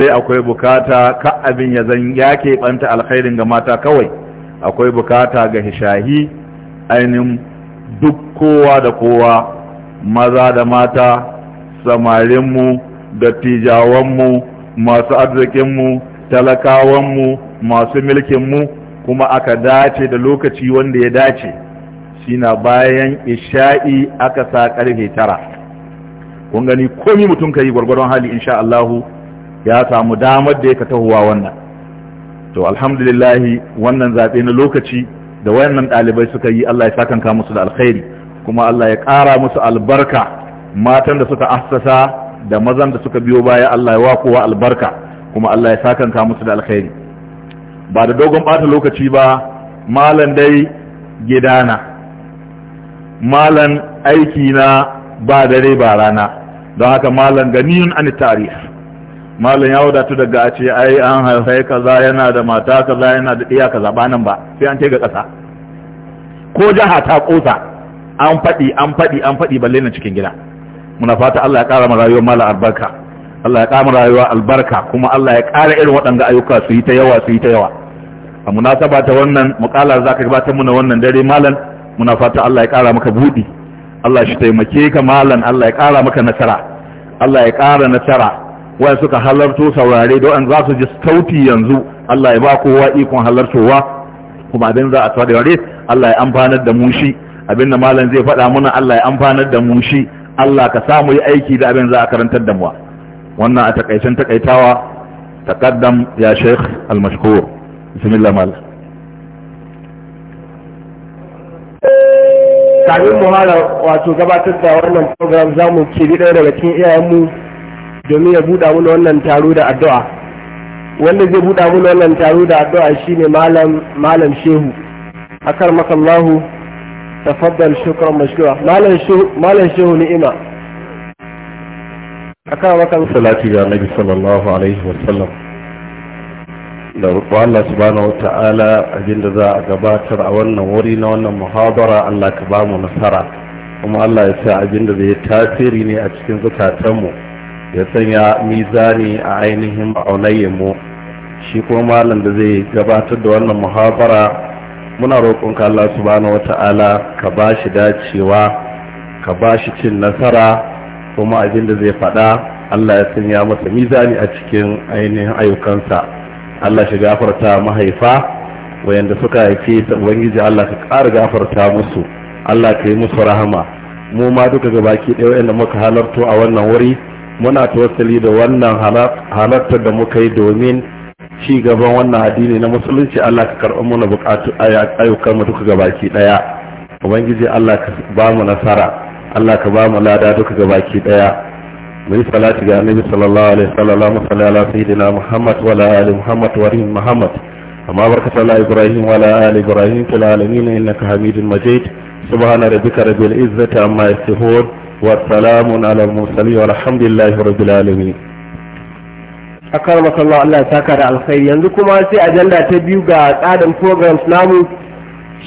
sai akwai bukata ka abin ya zan ya keɓanta alkhairin ga mata kawai akwai bukata ga hishahi ainihin duk kowa da kowa maza da mata samarinmu dattijawanmu masu arzikinmu talakawanmu masu mu kuma aka dace da lokaci wanda ya dace shi na bayan isha'i aka sa karfe tara kun gani komi mutum ka yi gwargwaron hali insha Allahu ya samu damar da ya ka tahowa wannan to alhamdulillahi wannan zaɓe na lokaci da wayannan ɗalibai suka yi Allah ya sakanka musu da alkhairi kuma Allah ya ƙara musu albarka matan da suka assasa da mazan da suka biyo baya Allah ya wakowa albarka kuma Allah ya sakanka musu da alkhairi ba da dogon ɓata lokaci ba malan dai gidana malan aiki na ba dare ba rana don haka malan ganiyun an tarihi malam ya wadatu daga a ce ai an haifai kaza yana da mata kaza yana da iya kaza ba nan ba sai an ce ga ƙasa ko jaha ta kosa an faɗi an faɗi an faɗi balle na cikin gida muna fata Allah ya ƙara mu rayuwar malam albarka Allah ya ƙara mu rayuwa albarka kuma Allah ya ƙara irin waɗanda ayyuka su yi ta yawa su yi ta yawa a munasaba ta wannan muƙala za ka gabatar mu na wannan dare malam muna fata Allah ya ƙara maka buɗi Allah shi taimake ka malam Allah ya ƙara maka nasara Allah ya ƙara nasara Wani suka halarto saurare don za su ji sauti yanzu Allah ya ba kowa ikon halartowa kuma abin za a saurare Allah ya amfanar da mu shi abin da malam zai faɗa muna Allah ya amfanar da mu shi Allah ka samu yi aiki da abin za a karantar da mu wannan a takaicen takaitawa taqaddam ya Sheikh al-Mashkur bismillah malam kafin mu hana wato gabatar da wannan program za mu kiri ɗaya daga cikin iyayenmu domin ya buɗa mana wannan taro da addu'a wanda zai buɗa mana wannan taro da addu'a shine malam malam shehu akar makallahu tafaddal shukran mashkura malam shehu malam shehu ni'ima akar makan salati ga nabi sallallahu alaihi wa sallam da roƙo Allah subhanahu wa ta'ala abinda za a gabatar a wannan wuri na wannan muhabara Allah ka ba mu nasara kuma Allah ya sa abinda zai tasiri ne a cikin zukatanmu mu ya sanya mizani a ainihin ma'aunayenmu shi kuma malam da zai gabatar da wannan muhabara muna roƙonka Allah subhanahu wata'ala ka ba shi dacewa ka ba shi cin nasara kuma abin da zai faɗa Allah ya sanya masa mizani a cikin ainihin ayyukansa Allah shi gafarta mahaifa wayanda suka haife ta ubangiji Allah ka ƙara gafarta musu Allah ka yi musu rahama mu ma duka gabaki ɗaya wayanda muka halarto a wannan wuri muna tawassali da wannan halartar da muka yi domin ci gaban wannan addini na musulunci Allah ka karɓi mana bukatu ayyukan mu duka gabaki daya ubangiji Allah ka ba mu nasara Allah ka ba mu lada duka gabaki daya mu yi salati ga annabi sallallahu alaihi wasallam salli ala sayyidina muhammad wa ala ali muhammad wa rahim muhammad amma barka ala ibrahim wa ala ali ibrahim fil alamin innaka hamidun majid subhana rabbika rabbil izzati amma yasifun والسلام على المرسلين والحمد لله رب العالمين akarmaka Allah Allah saka da alkhairi yanzu kuma sai ajanda ta biyu ga tsarin programs namu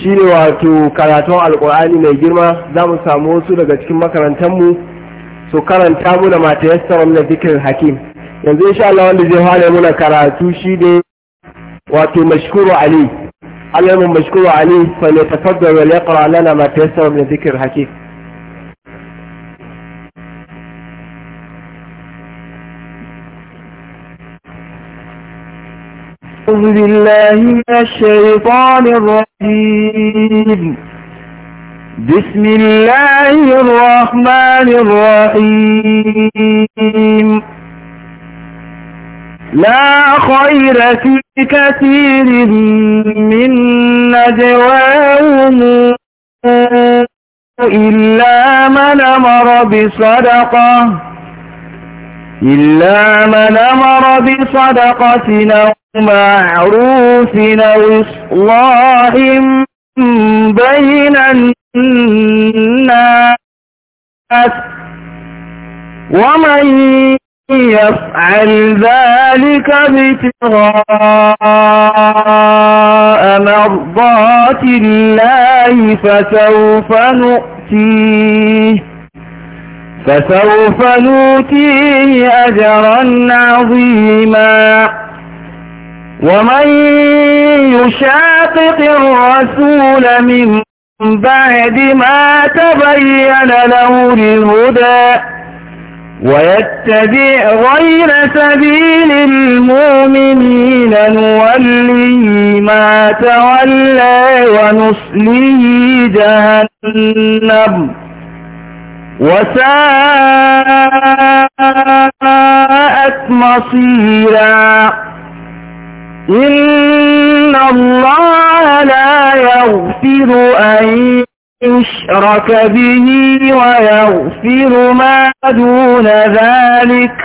shine wato karatun alkur'ani mai girma za mu samu wasu daga cikin makarantarmu su karanta mu da mata yassar na zikirin hakim yanzu insha Allah wanda zai hana muna karatu shi ne wato mashkuru ali Allah mun mashkuru ali fa ne tafaddal wal yaqra lana ma tayassara min zikirin hakim أعوذ بالله من الشيطان الرجيم بسم الله الرحمن الرحيم لا خير في كثير من نجواهم إلا من أمر بصدقه إلا من أمر بصدقة أو معروف أو إصلاح بين الناس ومن يفعل ذلك ابتغاء مرضات الله فسوف نؤتيه فسوف نوتيه أجرا عظيما ومن يشاقق الرسول من بعد ما تبين له الهدى ويتبع غير سبيل المؤمنين نولي ما تولى ونصليه جهنم وساءت مصيرا إن الله لا يغفر أن يشرك به ويغفر ما دون ذلك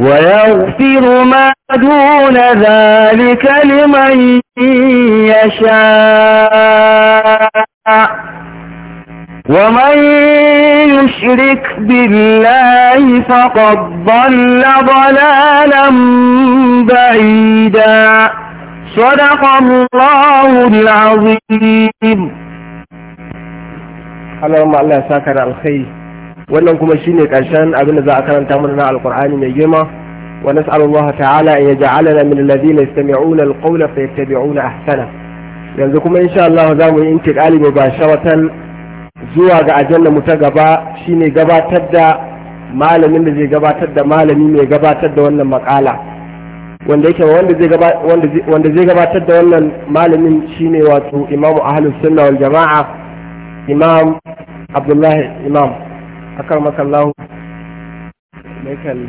ويغفر ما دون ذلك لمن يشاء ومن يشرك بالله فقد ضل ضلالا بعيدا صدق الله العظيم اللهم الله ساكر الخير وانا كما شينيك عشان ابن ذا اكرم تامرنا على القرآن من ونسأل الله تعالى ان يجعلنا من الذين يستمعون القول فيتبعون احسنه يلزكم ان شاء الله ذا وانت الالي مباشرة zuwa ga ajalla mu ta gaba shine gabatar da malamin da zai gabatar da malami mai gabatar da wannan makala wanda yake wanda zai gabatar da wannan malamin shine wato imamu ahlus sunna wal jama'a imam abdullahi imam akar makallahu mai kalli